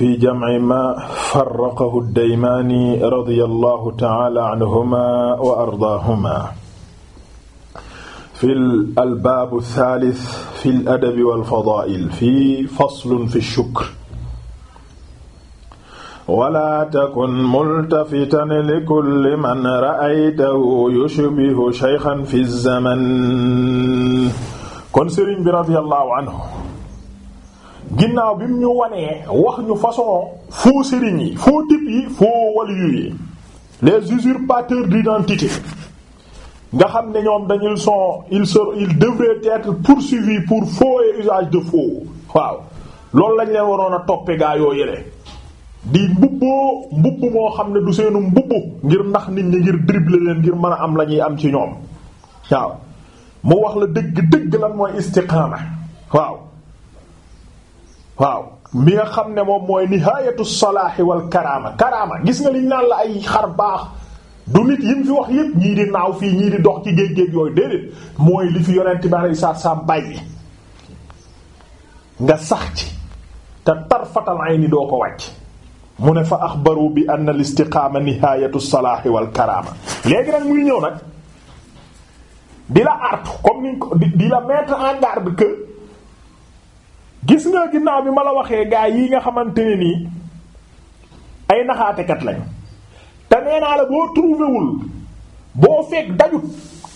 fi jamci ma farraqahu daymaani radiyallahu ta'ala anhuma wa ardaahuma fil albaabu saalis fil adabi wal fadaa'il fii faslun fi shukr. wala takun multafitan likulli man ra'aytahu yushbihu shaykhan fi zaman. kon Sëriñ bi radiyallahu anhu ginnaaw bi mu ñu wanee wax ñu façon faux sëriñ yi faux type yi faux waliyu yi les usurpateurs d'identité nga xam ne ñoom dañu sont ils sont ils devraient pour poursuivis pour faux et usage de faux waaw loolu lañ leen waroon a toppe gaa yoo yële di mbubboo mbubb moo xam ne du seenu mbubb ngir ndax nit ñi ngir dribbler leen ngir mën a am la ñuy am ci ñoom waaw mu wax la dëgg dëgg lan mooy istiqaama waaw waaw mi nga xam ne moom mooy nihaayatu salaahi wal karaama karaama gis nga liñ naan la ay xar baax du nit yim fi wax yépp ñii di naaw fii ñii di dox ci géej géej yooyu déedéet mooy li fi yonent bi alayhi salaatu salaam bàyyi nga sax ci te tarfatal ayni doo ko wàcc mu ne fa axbaru bi anna al istiqaama nihaayatu salaahi wal karaama léegi nag muy ñëw nag di la artu comme ni di la mettre en garde que gis nga ginnaaw bi ma la waxee gaa yi nga xamante ne nii ay naxaatekat lañ te nee naa la boo trouvéwul boo fekk dajut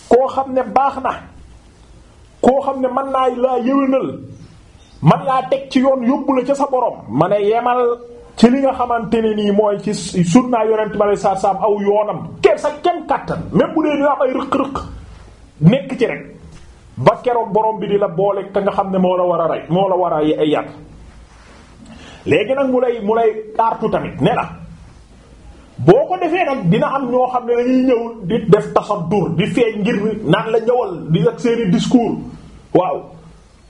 koo xam ne baax na koo xam ne man naa laa yëwénal man laa teg ci yoon yóbbu la ca sa borom ma ne yemal ci li nga xamante ne nii mooy ci sunna yonent ma lay saar saam aw yoonam kenn sa kenn kàttan même bu dee dina am ay rëq-rëq nekk ci rek ba keroog borom bi di la boole ka nga xam ne moo la war a rek moo la war a yàq léegi nag mu lay mu lay artu tamit ne la boo ko defee nag dina am ñoo xam ne dañuy ñëw di def taxaddur di feeñ ngir naan la ñëwal di ak seeni discours waaw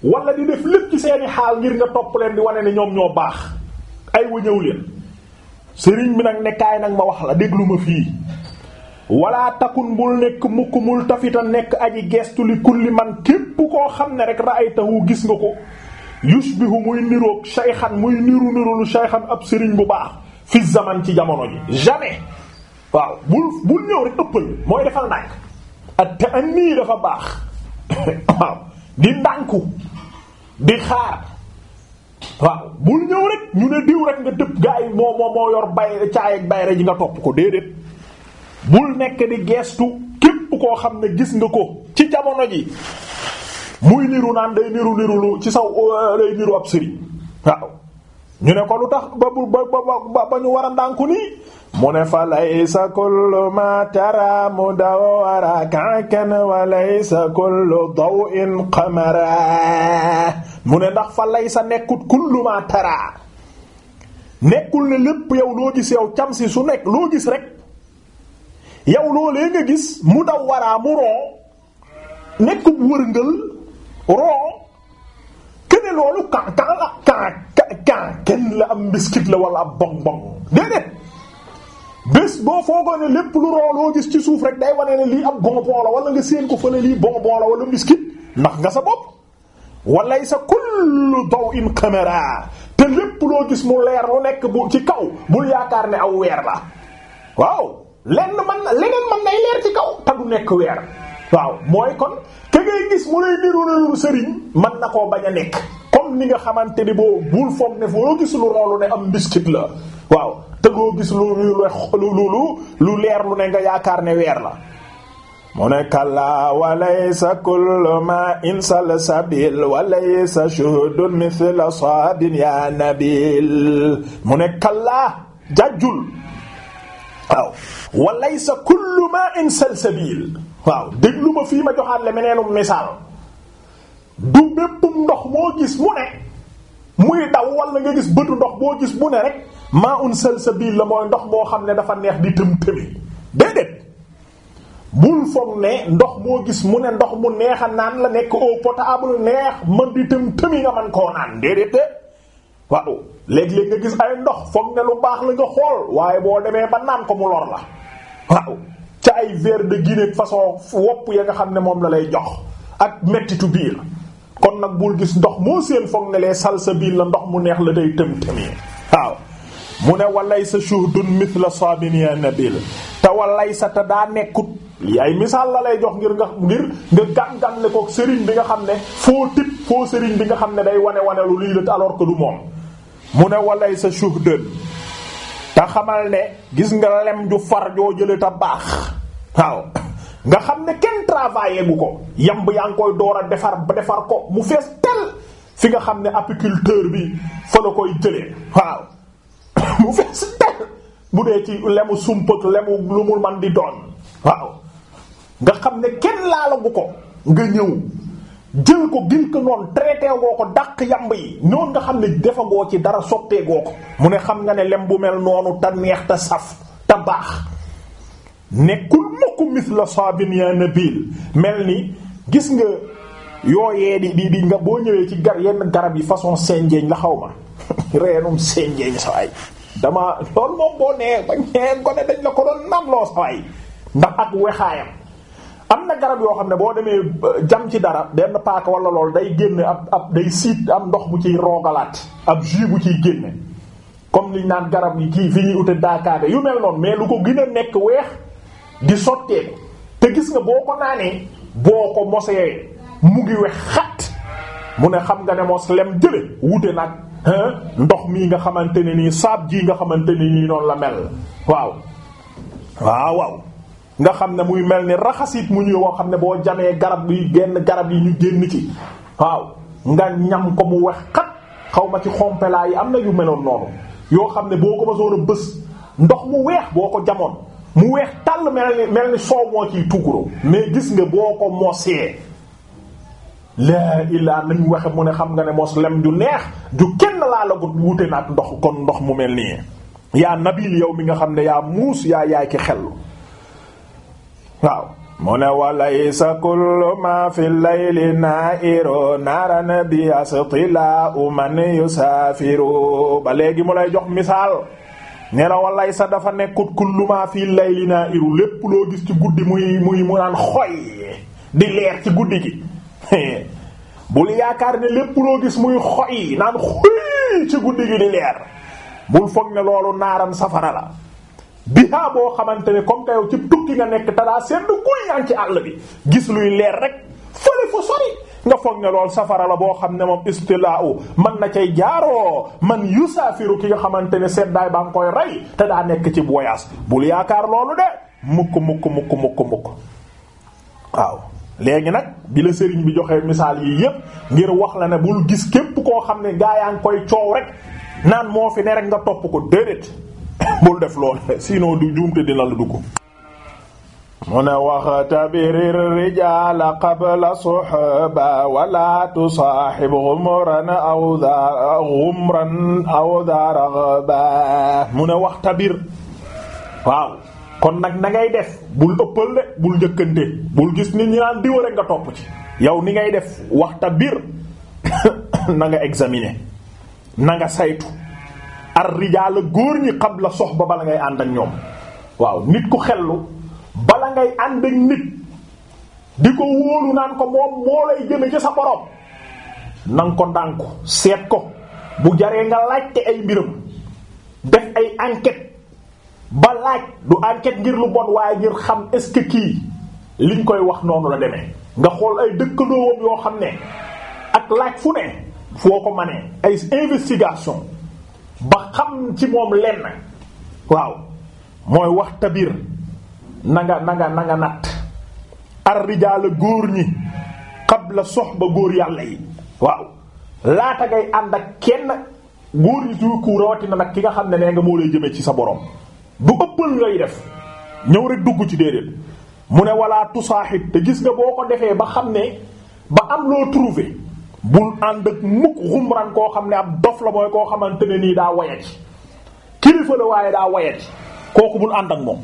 wala di def lépp ci seeni xaal ngir nga topp leen di wane ne ñoom ñoo baax ay wa ñëw leen sëriñ bi nag ne kaay nag ma wax la déglu ma fii wala takun bul nekk mukk mul tafita nekk aji gestu li kulli man képp koo xam ne rek ra'aytahu gis nga ko yushbihu muy niroog shaykhan muy niru niru lu shaykhan ab sëriñ bu baax fi zaman ci jamono ji jamais waaw bul bul ñëw rek ëppal mooy defal ndànk at nii dafa baax waaw di ndànku di xaar waaw bul ñëw rek ñu ne diw rek nga dëpp gaa yi moo moo yor bay caayeg bayre ji nga topp ko déedéet bul nekk di geestu képp koo xam ne gis nga ko ci jamono ji muy niru naan day niru niru lu ci saw euh, day niru ab sëriñ waaw ñu ne ko lu tax ba ba ba ñu war a ndànku nii mu ne fa laysa kullu ma tara mu ne ndax fa laysa nekkut kullu ma tara nekkul ne lépp yow loo gis yow cam su nekk loo gis rek yow loolee nga gis mu daw waraa mu ron nekk wërngël ron kene loolu kan ka la kan kan kenn la am biscuit la wala ab bong bong déedéet bés boo foogoon ne lépp lu ron loo gis ci suuf rek day wane ne lii ab bonbon la wala nga séen ko fële lii bonbon la wala biscuit ndax nga sa bopp walay sa kullu daw'in qamara te lépp loo gis mu leer lu nekk bu ci kaw bul yaakaar ne aw weer la waaw lenn man na leneen man nay leer ci kaw te nekk weer waaw mooy kon ke ngay gis mu lay niru lu sëriñ man na koo bañ a nekk comme ni nga xamante ni boo bul foog ne foo gis lu roolu ne am mbiskit la waaw te gis lu lu lu leer lu ne nga yaakaar ne weer la mu ne kalla walaysa kullu ma insal sabil walaysa shuhdun mithla sadin ya nabil mu ne kalla jajjul waaw walla sa walaysa kullu sa salsabil waaw déglu ma fii ma joxaat le meneenum misaal du béppum ndox moo gis mu ne muy daw wala nga gis bëtu ndox boo gis mu ne rek ma'un salsabil la mooy ndox moo xam ne dafa neex di tëm tëmi bul foog ne ndox moo gis mu ne ndox mu neexa a naan la nekk au potable neex mën di tëm tëmi nga mën koo naan déedéet waaw léeg-léeg nga gis ay ndox foog ne lu baax la nga xool waaye boo demee ba naan ko mu lor la waaw ca ay verre de Guinée façon wopp ya nga xam ne moom la lay jox ak mettitu biir kon nag bul gis ndox moo seen foog ne lee bii la ndox mu neex la day tëm tëmee waaw mu ne walay sa shuhdun mithla bii la te walay sa te daa nekkut li ay misaal la lay jox ngir nga ngir nga gàm-gàm ne ko sëriñ bi nga xam ne foo tip foo sëriñ bi nga xam ne day wane wane lii alors que moom mu ne walay sa suhdën te xamal ne gis nga lem ju far joo jële ta baax waaw nga xam ne kenn travaillé bu ko yamb yaa ngi koy door a defar ba defar ko mu fees tel fi nga xam ne apiculteur bi fa la koy jëlee waaw mu fees tel bu dee ci lemu sumpak lemu lu mu man di doon waaw nga xam ne kenn laala ko nga ñëw jël ko gin ko noonu traité goo ko dàq yamb yi noonu nga xam ne defagoo ci dara sottee goo ko mu ne xam nga ne lem bu mel noonu te neex te saf te baax nekkul mukk mis la saabin ya nabil mel ni gis nga yooyee di di di nga boo ñëwee ci gar yenn garab yi façon senjeeñ la xaw ma reenum senjeeñ sawaay dama loolu moom boo nee ba ñee gone dañ la ko doon nam loo sawaay ndax ak wexaayam na garab yoo xam ne boo demee euh, jam ci dara benn paaka wala lool day génne ab ab day siit am ndox bu ciy roogalaat ab jus bu ciy génne comme liñ naan garab yi kii fi ñuy ute daakaade yu mel noonu mais lu ko gën a nekk weex di sottee te gis nga boo ko naanee boo ko mosee mu ngi wex xat mu ne xam nga ne mos lem jële wute nag ndox mii nga xamante ne nii saab jii nga xamante ne nii noonu la mel waaw waaw waaw nga xam ne muy mel ni raxasit mu ñuy woo xam ne boo jamee garab bi genn garab yi ñu génn ci waaw nga ñam ko mu wex xat xaw ma ci xompelaa yi am na yu meloon noonu yoo xam ne boo ko ma bës ndox mu weex boo ko jamoon mu weex tàll mel mel ni soow moo ciy tuukuroo mais gis nga boo ko mosee laa illaa nañ waxe mu ne xam nga ne mos lem ju neex ju kenn laa la gut wute naak ndox kon ndox mu mel ni nii yaa nabil yow mi nga xam ne yaa muus yaa yaay ki xellu waaw mu ne walaysa kullu ma fi layli nairo naran bi astila u man yusaafiru ba léegi mu lay jox misaal ne la walaysa dafa nekkut kullu ma fi layli nairu lépp loo gis ci guddi muy mu naan xoy di leer ci guddi gi bul yaakaar ne lépp loo gis muy xoy naan xoy ci guddi gi di leer bul foog ne loolu naaran safara la bihaa boo xamante ne comme ci tukki nga nekk te daa seetlu guy yaa ci àll bi gis luy leer rek fële fu sori nga foog ne lool safara la boo xam ne moom istilaa'u man na cay jaaroo man yu yusaafiru ki nga xamante ne seddaay baa nga koy rey te daa nekk ci voyage bul yaakaar loolu de mukk mukk mukk mukk mukk waaw léegi nag bi la sëriñ bi joxee misaal yii yépp ngir wax la ne bul gis képp koo xam ne gaa yaa ngi koy coow rek naan moo fi ne rek nga topp ko déedéet bul def lool sinon du juumte dina la dugg mu ne wax tabirir rijaala qabla suhba wala tusaaxib xumran aw daa xumran aw daa raxba mu ne wax tabir waaw kon nag na def bul ëppal de bul njëkkante bul gis nit ñi naan diwa nga topp ci yow ni ngay def wax tabir na nga examiner na saytu ar rijaala góor ñi qabla suhba bala ngay ànd ak ñoom waaw nit ku xellu bala ngay ànd ak nit di ko wóolu naan ko moom moo lay jëme ci sa borom nang ko ndànku seet ko bu jaree nga laajte ay mbiram def ay enquête ba laaj du enquête ngir lu bon waaye ngir xam est-ce que kii liñ koy wax noonu la deme nga xool ay dëkkandoowam yoo xam ne ak laaj fu ne foo ko manee ay investigation ba xam ci moom lenn waaw mooy wax tabir na nga na nga na nga natt arrijaala góor ñi xab qabla soxba góor yàlla yi waaw laata ngay ànd ak kenn góor ñi su ku rawatina nag ki nga xam ne nee nga moo lay jëmee ci sa borom du ëppal ngay def ñëw rek dugg ci déedéet mu ne wala tusaaxit te gis nga boo ko defee ba xam ne ba am loo trouvé bul ànd ak mukk xumran koo xam ne ab dof la mooy koo xamante ne nii daa wayati kilifa la waaye daa wayati kooku bul ànd ak moom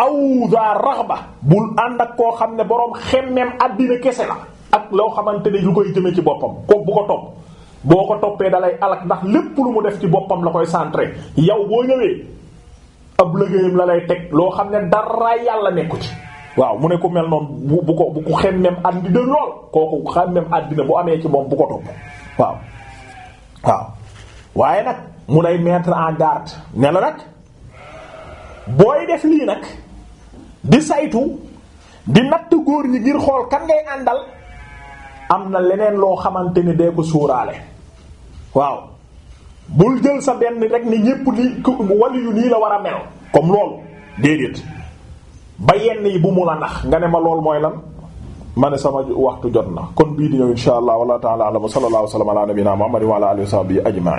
aw daa raxba bul ànd ak koo xam ne boroom xemmeem àddina kese la ak loo xamante ne lu koy jëme ci boppam kook bu ko topp boo ko toppee dalay alak ndax lépp lu mu def ci boppam la koy centré yow boo ñëwee ab liggéeyam la lay teg loo xam ne dara yàlla nekku ci waaw mu ne ku mel noonu bu bu ko bu ku xemmem àddina lool kooku xemmem àddina bu amee ci moom bu ko topp waaw waaw waaye nag mu lay mettre en garde ne la nag booy def lii nag di saytu di natt góor ñi ngir xool kan ngay àndal am na leneen loo xamante ni dee ko suuraale waaw bul jël sa benn rek ni ñépp ni wali yu nii la war a mel comme loolu déedéet ba yenn yi bu mu la nax nga ne ma lool mooy lan ma ne sama waxtu jot na kon bii di ñëw insha allah wala taala alam wa sallallahu alayhi wa sallam ala nabina muhammad wa ala alihi wa sahbihi ajma'in